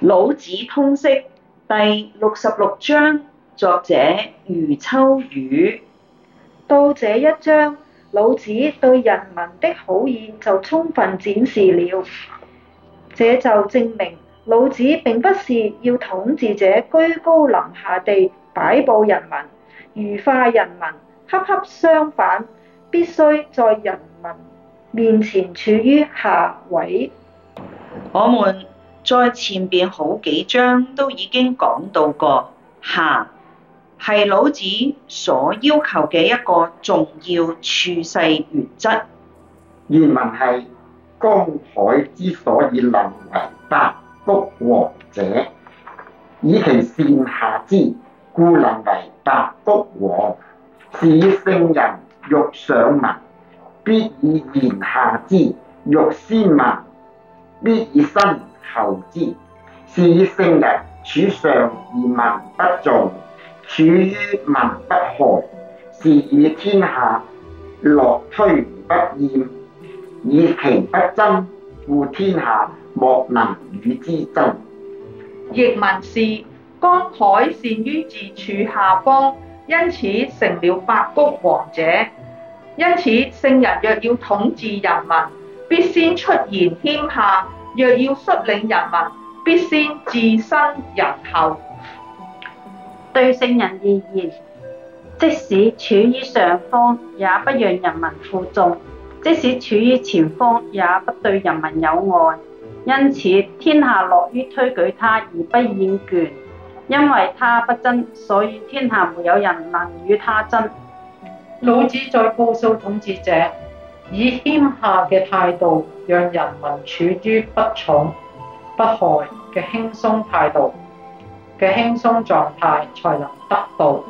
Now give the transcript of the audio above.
老子通釋第六十六章，作者余秋雨。到這一章，老子對人民的好意就充分展示了。這就證明老子並不是要統治者居高臨下地擺佈人民，愚化人民，恰恰相反，必須在人民面前處於下位。我們。再前邊好幾章都已經講到過，下係老子所要求嘅一個重要處世原則。原文係：江海之所以能為百谷王者，以其善下之，故能為百谷王。是以聖人欲上民，必以言下之；欲先民，必以身。投資，是以聖人處上而民不重，處於民不害，是以天下樂推而不厭，以其不爭，故天下莫能與之爭。譯文是，江海善於自處下方，因此成了百谷王者。因此，聖人若要統治人民，必先出言謙下。若要率領人民，必先置身人後。對聖人而言，即使處於上方，也不讓人民負重；即使處於前方，也不對人民有礙。因此，天下樂於推舉他而不厭倦，因為他不爭，所以天下沒有人能與他爭。老子在告訴統治者。以謙下嘅態度，讓人民處於不寵不害嘅輕鬆態度嘅輕鬆狀態，才能得到。